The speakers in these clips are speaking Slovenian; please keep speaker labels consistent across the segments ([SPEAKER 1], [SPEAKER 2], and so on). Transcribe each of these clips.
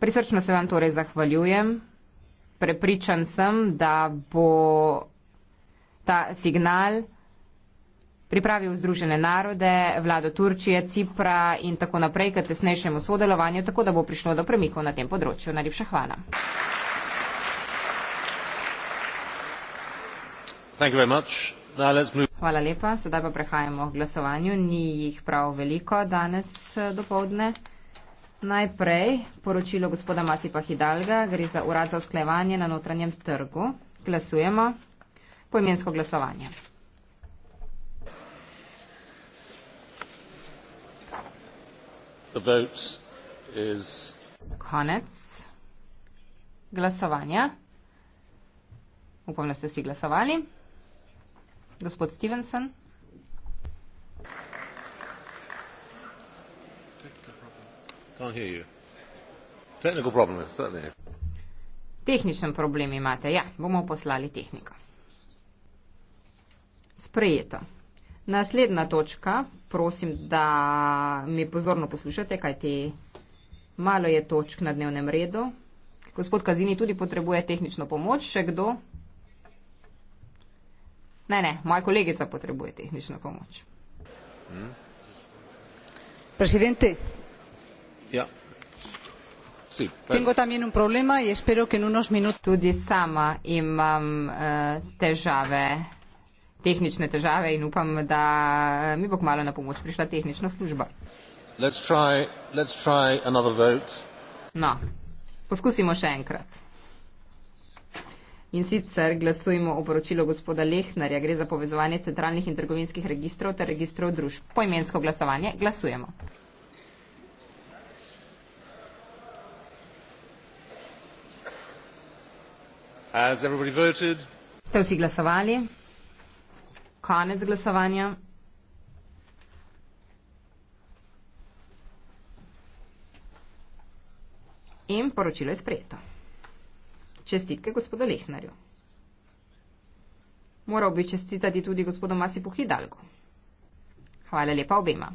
[SPEAKER 1] Prisrčno se vam torej zahvaljujem. Prepričan sem, da bo ta signal pripravil Združene narode, vlado Turčije, Cipra in tako naprej k tesnejšemu sodelovanju, tako da bo prišlo do premikov na tem področju. Najlepša hvala. Hvala lepa. Sedaj pa prehajamo k glasovanju. Ni jih prav veliko danes eh, do povdne. Najprej poročilo gospoda Masipa Hidalga, gre za urad za usklajevanje na notranjem trgu. Glasujemo poimensko glasovanje. Is... Konec glasovanja. Upam, da ste vsi glasovali. Gospod Stevenson. Tehničen problem imate, ja, bomo poslali tehniko. Sprejeto. Naslednja točka, prosim, da mi pozorno poslušate, kajti malo je točk na dnevnem redu. Gospod Kazini tudi potrebuje tehnično pomoč, še kdo? Ne, ne, moja kolegica potrebuje tehnično pomoč. Hmm. Presidente, Ja. tengo también un problema y espero que en unos minutos. Tudi sama imam uh, težave, tehnične težave in upam, da eh, mi bo kmalo na pomoč prišla tehnična služba. Let's try, let's try another vote. No, poskusimo še enkrat. In sicer glasujemo o poročilu gospoda Lehnarja, gre za povezovanje centralnih in trgovinskih registrov ter registrov družb. Poimensko glasovanje glasujemo. Ste vsi glasovali? Konec glasovanja. In poročilo je sprejeto. Čestitke gospodu Lehnarju. Moral bi čestitati tudi gospodu Masipu Hidalgu. Hvala lepa obema.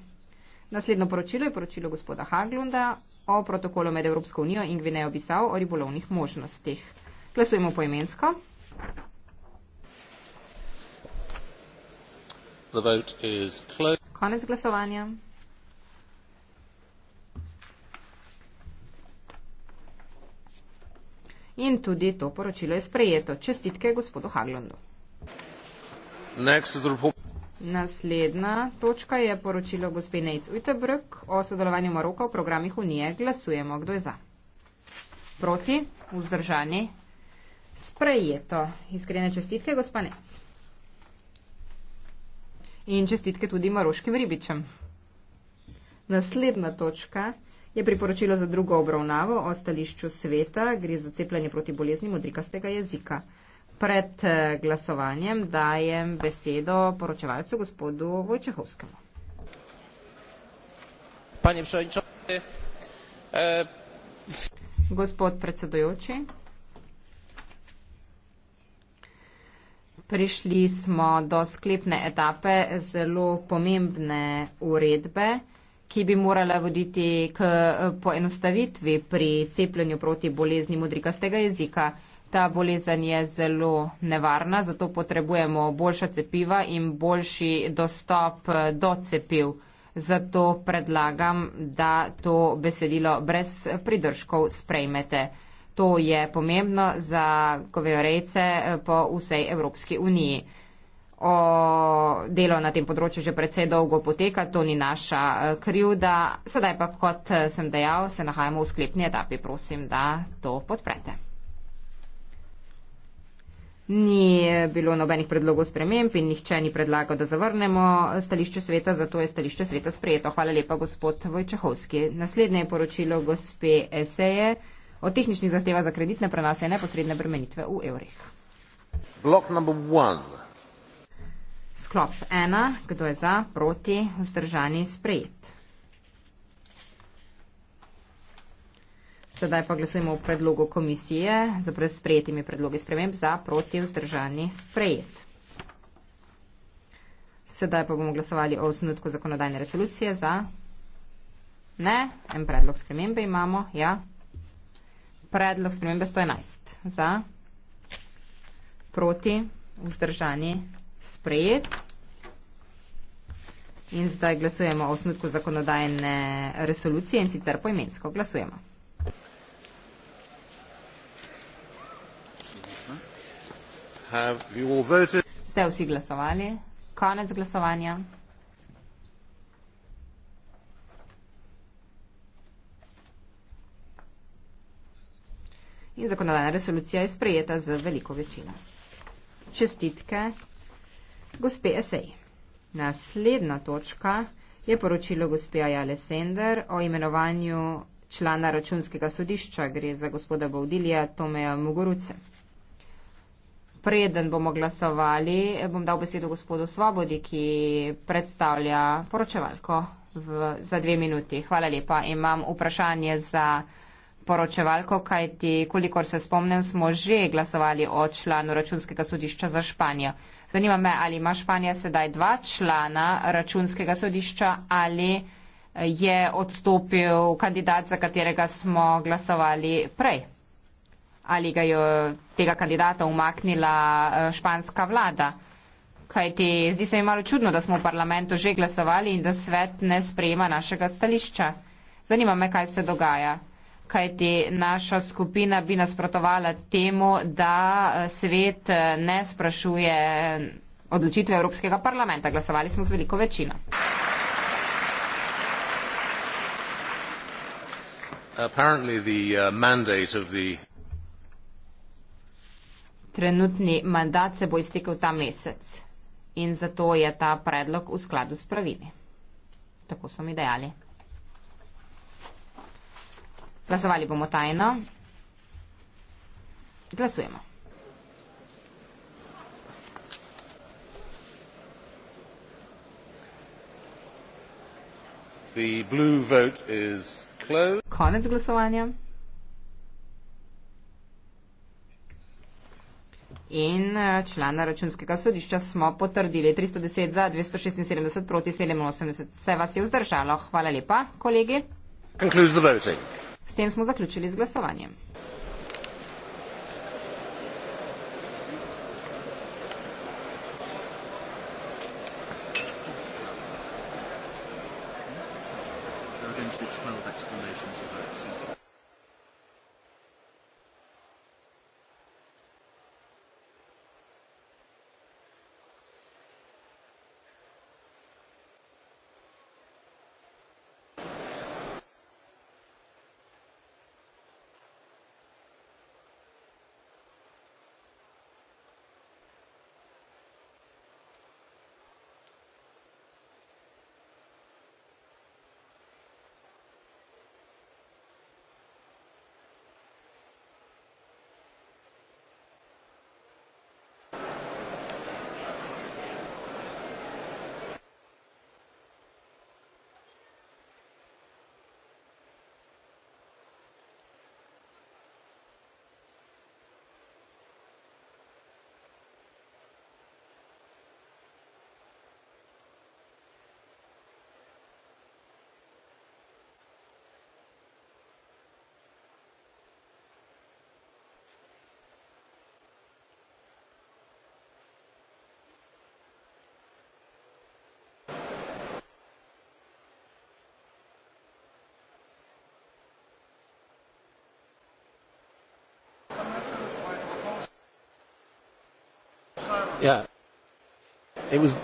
[SPEAKER 1] Naslednjo poročilo je poročilo gospoda Haglunda o protokolu med Evropsko unijo in Gvinejo Bisav o ribolovnih možnostih. Glasujemo po imensko. Konec glasovanja. In tudi to poročilo je sprejeto. Čestitke gospodu Haglundu. Naslednja točka je poročilo gospe Nejc Ujtebrk o sodelovanju Maroka v programih Unije. Glasujemo, kdo je za. Proti, vzdržani, sprejeto. Iskrene čestitke, gospanec. In čestitke tudi maroškim ribičem. Naslednja točka je priporočilo za drugo obravnavo o stališču sveta, gre za cepljanje proti bolezni modrikastega jezika. Pred eh, glasovanjem dajem besedo poročevalcu gospodu Vojčehovskemu. E, Gospod predsedujoči. Prišli smo do sklepne etape zelo pomembne uredbe, ki bi morala voditi k poenostavitvi pri cepljenju proti bolezni modrikastega jezika. Ta bolezen je zelo nevarna, zato potrebujemo boljša cepiva in boljši dostop do cepiv. Zato predlagam, da to besedilo brez pridržkov sprejmete. To je pomembno za govejorejce eh, po vsej Evropski uniji. O delo na tem področju že precej dolgo poteka, to ni naša eh, krivda. Sedaj pa, kot eh, sem dejal, se nahajamo v sklepni etapi. Prosim, da to podprete. Ni bilo nobenih predlogov sprememb in nihče ni predlagal, da zavrnemo stališče sveta, zato je stališče sveta sprejeto. Hvala lepa, gospod Vojčehovski. Naslednje je poročilo gospe Eseje o tehničnih zahtevah za kreditne prenose neposredne bremenitve v evrih. Blok number one. Sklop ena, kdo je za, proti, vzdržani, sprejet. Sedaj pa glasujemo v predlogu komisije za sprejetimi predlogi sprememb za, proti, vzdržani, sprejet. Sedaj pa bomo glasovali o osnutku zakonodajne resolucije za. Ne, en predlog spremembe imamo, ja predlog spremembe 111. Za, proti, vzdržani, sprejet. In zdaj glasujemo o osnutku zakonodajne resolucije in sicer poimensko. Glasujemo. Ste vsi glasovali? Konec glasovanja. in zakonodajna resolucija je sprejeta z veliko večino. Čestitke, gospe Esej. Naslednja točka je poročilo gospe Ajale Sender o imenovanju člana računskega sodišča, gre za gospoda Baudilija Tomeja Mogoruce. Preden bomo glasovali, bom dal besedo gospodu Svobodi, ki predstavlja poročevalko v, za dve minuti. Hvala lepa. Imam vprašanje za poročevalko, kajti kolikor se spomnim, smo že glasovali o članu računskega sodišča za Španijo. Zanima me, ali ima Španija sedaj dva člana računskega sodišča ali eh, je odstopil kandidat, za katerega smo glasovali prej. Ali ga je tega kandidata umaknila eh, španska vlada. Kajti zdi se mi malo čudno, da smo v parlamentu že glasovali in da svet ne sprejema našega stališča. Zanima me, kaj se dogaja kajti naša skupina bi nasprotovala temu, da eh, svet eh, ne sprašuje eh, odločitve Evropskega parlamenta. Glasovali smo z veliko večino. Uh, Trenutni mandat se bo iztekel ta mesec in zato je ta predlog v skladu s pravili. Tako so mi dejali. Glasovali bomo tajno. Glasujemo. The blue vote is Konec glasovanja. In eh, člana računskega sodišča smo potrdili 310 za 276 proti 87. Se vas je vzdržalo. Hvala lepa, kolegi. Concludes the voting. S tem smo zaključili z glasovanjem. I don't think it smelled explanations of that. yeah it was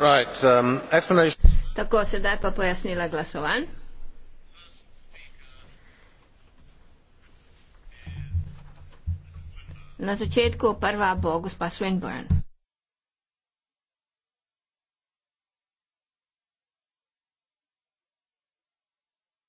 [SPEAKER 1] Um, Tako, sedaj pa pojasnila glasovanj. Na začetku prva bo gospa Swinburne.